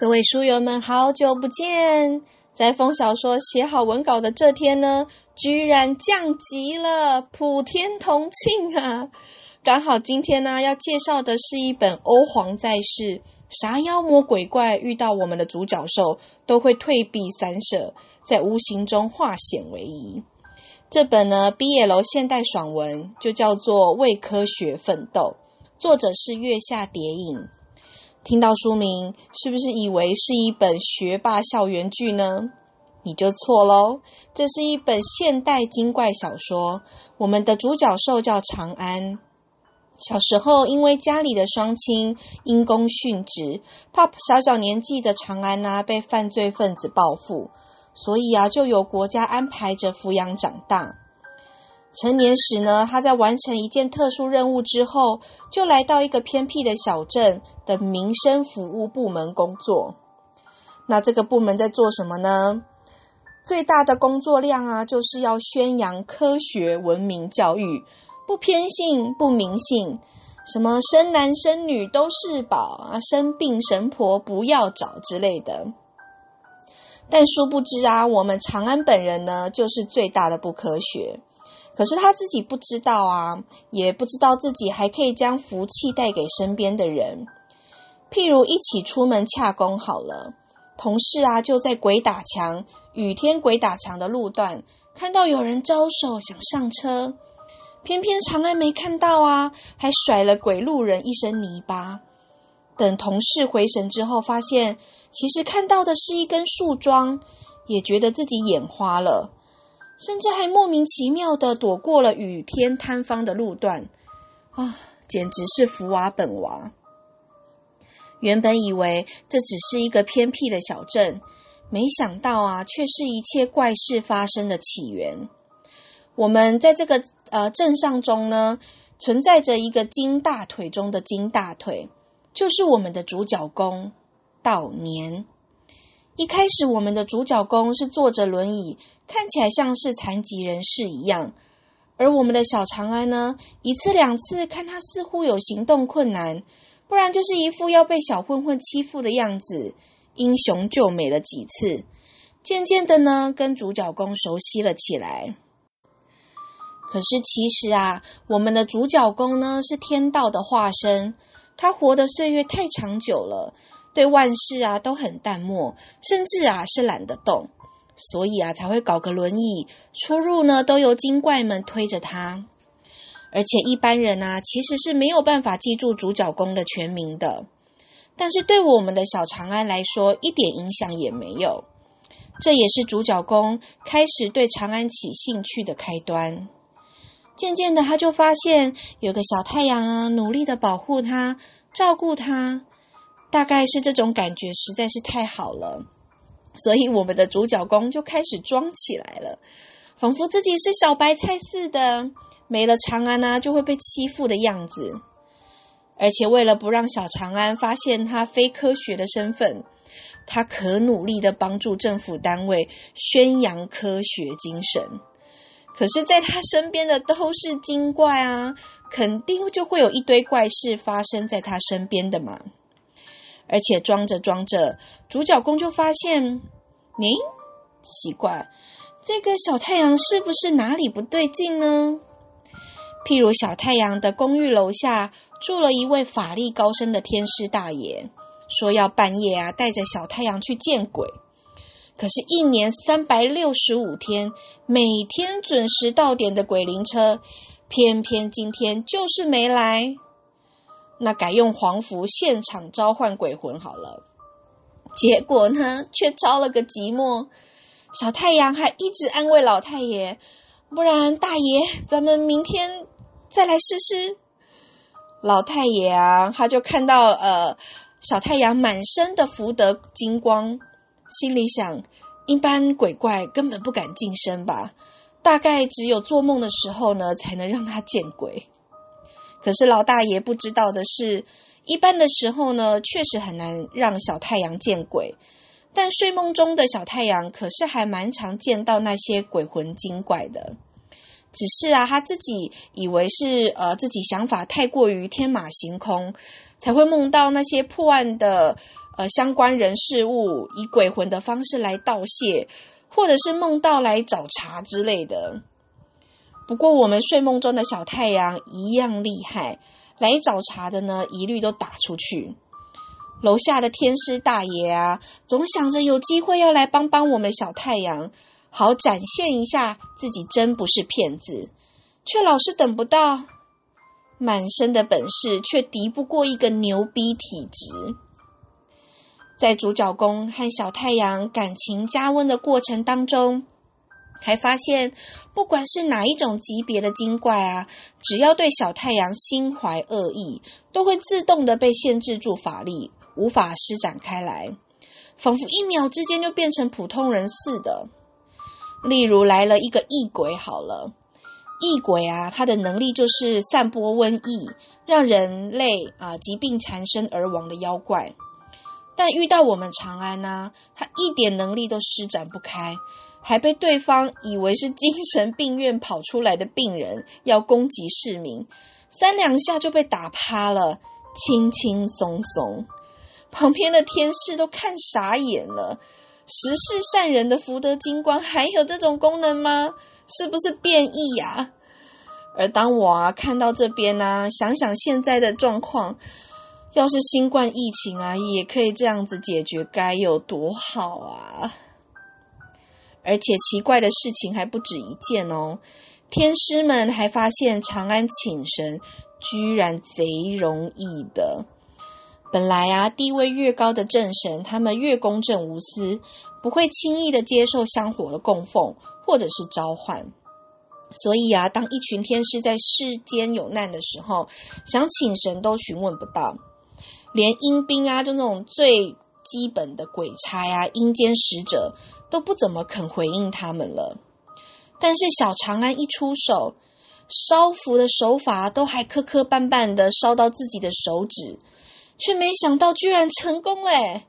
各位書友們，好久不見！在風小說寫好文稿的這天呢，居然降級了，普天同慶啊！剛好今天呢，要介紹的是一本《歐皇在世》，啥妖魔鬼怪遇到我們的主角受都會退避三舍，在無形中化險為夷。這本呢，BL 現代爽文，就叫做《為科學奮鬥》，作者是月下蝶影。聽到書名，是不是以為是一本學霸校園劇呢？你就錯嘍！這是一本現代精怪小說。我們的主角受叫長安。小時候，因為家裡的雙親因公殉職，怕小小年紀的長安吶、啊、被犯罪分子報復，所以啊，就由國家安排着撫養長大。成年時呢，他在完成一件特殊任務之後，就來到一個偏僻的小鎮的民生服務部門工作。那這個部門在做什麼呢？最大的工作量啊，就是要宣揚科學文明教育，不偏信，不迷信，什麼生男生女都是寶啊，生病神婆不要找之類的。但殊不知啊，我們長安本人呢，就是最大的不科學。可是他自己不知道啊，也不知道自己還可以將福氣帶給身邊的人。譬如一起出門洽公好了，同事啊就在鬼打牆、雨天鬼打牆的路段，看到有人招手想上車，偏偏長安沒看到啊，還甩了鬼路人一身泥巴。等同事回神之後發現，其實看到的是一根樹樁，也覺得自己眼花了。甚至還莫名其妙的躲過了雨天坍方的路段，啊、哦，簡直是福娃、啊、本娃。原本以為這只是一個偏僻的小鎮，沒想到啊，卻是一切怪事發生的起源。我們在這個呃鎮上中呢，存在着一個金大腿中的金大腿，就是我們的主角公道年。一開始，我們的主角攻是坐着輪椅，看起來像是殘疾人士一樣。而我們的小長安呢，一次兩次看他似乎有行動困難，不然就是一副要被小混混欺負的樣子，英雄救美了幾次。漸漸的呢，跟主角攻熟悉了起來。可是其實啊，我們的主角攻呢，是天道的化身，他活的歲月太長久了。對萬事啊都很淡漠，甚至，啊是懶得動，所以啊才會搞個輪椅出入呢，都由精怪們推着他。而且一般人啊其實是沒有辦法記住主角公的全名的，但是對我們的小長安來說，一點影響也沒有。這也是主角公開始對長安起興趣的開端。漸漸的，他就發現有個小太陽啊努力的保護他，照顧他。大概是這種感覺實在是太好了，所以我們的主角攻就開始裝起來了，仿佛自己是小白菜似的。沒了長安呢、啊，就會被欺負的樣子。而且為了不讓小長安發現他非科學的身份，他可努力地幫助政府單位宣揚科學精神。可是，在他身邊的都是精怪啊，肯定就會有一堆怪事發生在他身邊的嘛。而且裝着裝着，主角攻就發現，咦、欸，奇怪，這個小太陽是不是哪裡不對勁呢？譬如小太陽的公寓樓下住了一位法力高深的天師大爺，說要半夜啊帶着小太陽去見鬼，可是，一年三百六十五天，每天準時到點的鬼靈車，偏偏今天就是沒來。那改用黃符現場召喚鬼魂好了，結果呢，卻招了個寂寞。小太陽還一直安慰老太爺：“不然大爺，咱們明天再來試試。”老太爺啊，他就看到呃，小太陽滿身的福德金光，心裡想：一般鬼怪根本不敢近身吧？大概只有做夢的時候呢，才能讓他見鬼。可是老大爺不知道的是，一般的時候呢，確實很難讓小太陽見鬼。但睡夢中的小太陽可是還蠻常見到那些鬼魂精怪的。只是啊，他自己以為是，呃，自己想法太過於天馬行空，才會夢到那些破案的，呃，相關人事物以鬼魂的方式來道謝，或者是夢到來找茬之類的。不過，我們睡夢中的小太陽一樣厲害，來找茬的呢，一律都打出去。樓下的天師大爺啊，總想着有機會要來幫幫我們小太陽，好展現一下自己真不是騙子，卻老是等不到。滿身的本事，卻敵不過一個牛逼體質。在主角攻和小太陽感情加溫的過程當中。還發現，不管是哪一種級別的精怪啊，只要對小太陽心懷惡意，都會自動的被限制住法力，無法施展開來，仿佛一秒之間就變成普通人似的。例如來了一個異鬼，好了，異鬼啊，他的能力就是散播瘟疫，讓人類啊疾病纏身而亡的妖怪。但遇到我們長安呢，啊，他一點能力都施展不開。還被對方以為是精神病院跑出來的病人要攻擊市民，三兩下就被打趴了，輕輕松松。旁邊的天使都看傻眼了，十世善人的福德金光還有這種功能嗎？是不是變異呀、啊？而當我啊，看到這邊呢、啊，想想現在的狀況，要是新冠疫情啊也可以這樣子解決，該有多好啊！而且奇怪的事情還不止一件哦，天師們還發現長安請神居然賊容易的。本來啊，地位越高的正神，他們越公正無私，不會輕易的接受香火的供奉或者是召喚。所以啊，當一群天師在世間有難的時候，想請神都詢問不到，連陰兵啊，就那種最基本的鬼差呀、啊，陰間使者。都不怎麼肯回應他們了，但是小長安一出手，燒符的手法都還磕磕絆絆的燒到自己的手指，卻沒想到居然成功了哎！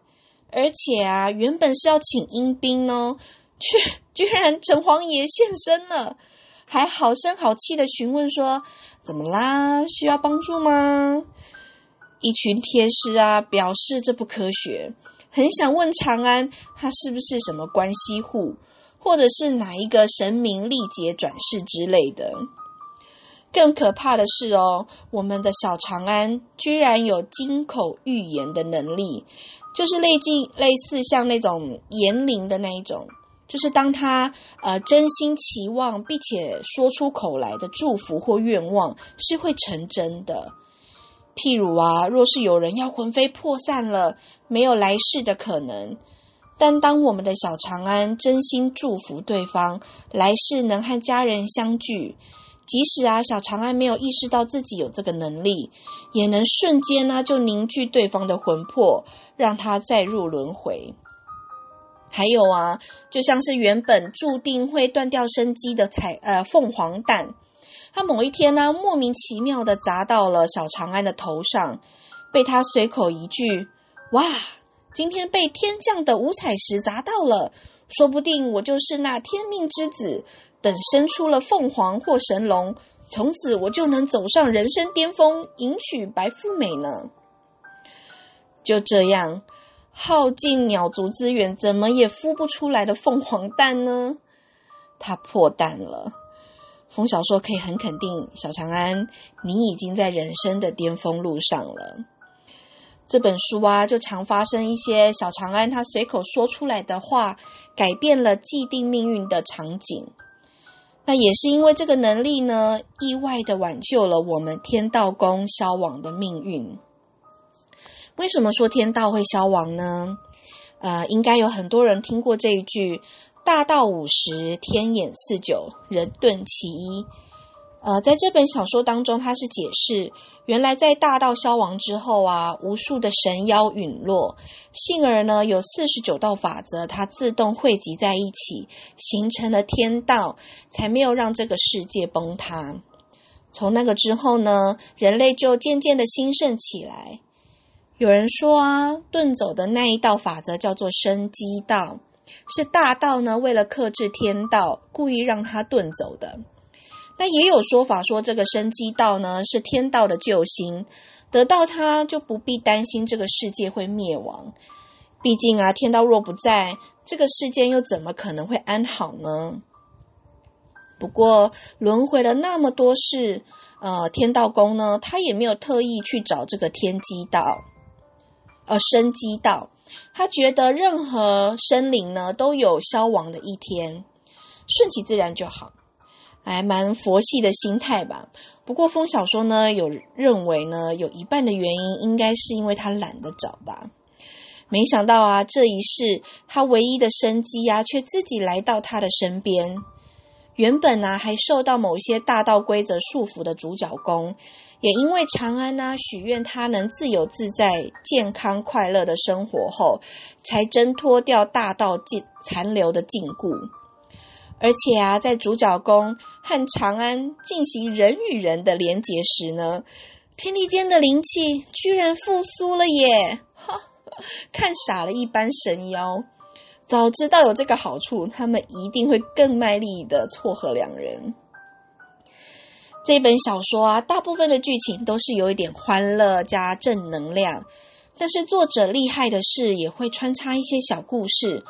而且啊，原本是要請陰兵哦，卻居然城隍爺現身了，還好聲好氣的詢問說：“怎麼啦？需要幫助嗎？”一群天師啊，表示這不科學。很想問長安，他是不是什麼關係戶，或者是哪一個神明歷劫轉世之類的？更可怕的是哦，我們的小長安居然有金口玉言的能力，就是類近類似像那種言靈的那一種，就是當他呃真心期望並且說出口來的祝福或願望，是會成真的。譬如啊，若是有人要魂飛魄散了，沒有來世的可能。但當我們的小長安真心祝福對方，來世能和家人相聚，即使啊，小長安沒有意識到自己有這個能力，也能瞬間呢，就凝聚對方的魂魄，讓他再入輪迴。還有啊，就像是原本注定會斷掉生機的彩，呃，鳳凰蛋。他某一天呢、啊，莫名其妙的砸到了小長安的頭上，被他隨口一句：“哇，今天被天降的五彩石砸到了，說不定我就是那天命之子，等生出了鳳凰或神龍，從此我就能走上人生巔峰，迎娶白富美呢。”就這樣，耗盡鳥族資源怎麼也孵不出來的鳳凰蛋呢，它破蛋了。風小說可以很肯定，小長安，你已經在人生的巔峰路上了。這本書啊，就常發生一些小長安他隨口說出來的話，改變了既定命運的場景。那也是因為這個能力呢，意外的挽救了我們天道宮消亡的命運。為什麼說天道會消亡呢？呃，應該有很多人聽過這一句，大道五十，天衍四九，人遁其一。呃，在這本小說當中，他是解釋，原來在大道消亡之後啊，無數的神妖隕落，幸而呢，有四十九道法則，它自動匯集在一起，形成了天道，才沒有讓這個世界崩塌。從那個之後呢，人類就漸漸的興盛起來。有人說啊，遁走的那一道法則叫做生機道。是大道呢，為了克制天道，故意讓他遁走的。那也有說法說，這個生機道呢，是天道的救星，得到它就不必擔心這個世界會滅亡。畢竟啊，天道若不在，這個世界又怎麼可能會安好呢？不過輪迴了那麼多世，呃，天道公呢，他也沒有特意去找這個天機道，呃，生機道。他覺得任何生靈呢，都有消亡的一天，順其自然就好，還蠻佛系的心態吧。不過風小說呢，有認為呢，有一半的原因應該是因為他懶得找吧。沒想到啊，這一世他唯一的生機呀、啊、卻自己來到他的身邊。原本呢、啊、還受到某些大道規則束縛的主角攻。也因為長安呢、啊，許願他能自由自在、健康快樂的生活後，才掙脫掉大道殘留的禁錮。而且啊，在主角攻和長安進行人與人的連結時呢，天地間的靈氣居然復甦了耶！哈，看傻了一般神妖，早知道有這個好處，他們一定會更賣力的撮合兩人。這本小說啊，大部分的劇情都是有一點歡樂加正能量，但是作者厲害的是也會穿插一些小故事，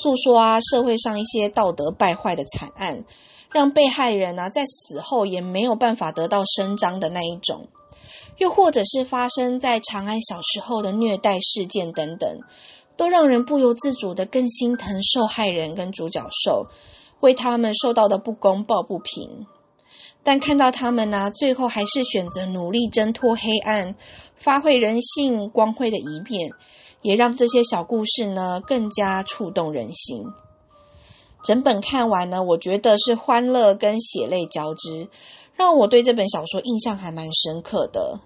訴說啊社會上一些道德敗壞的慘案，讓被害人呢、啊、在死後也沒有辦法得到伸張的那一種，又或者是發生在長安小時候的虐待事件等等，都讓人不由自主的更心疼受害人跟主角受，為他們受到的不公抱不平。但看到他們呢，最後還是選擇努力掙脫黑暗，發揮人性光輝的一面，也讓這些小故事呢更加觸動人心。整本看完呢，我覺得是歡樂跟血淚交織，讓我對這本小說印象還蠻深刻的。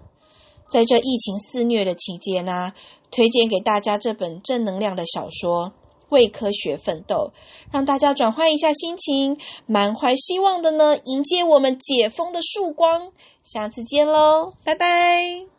在這疫情肆虐的期間呢，推薦給大家這本正能量的小說。為科學奮鬥，讓大家轉換一下心情，滿懷希望的呢，迎接我們解封的曙光。下次見嘍，拜拜。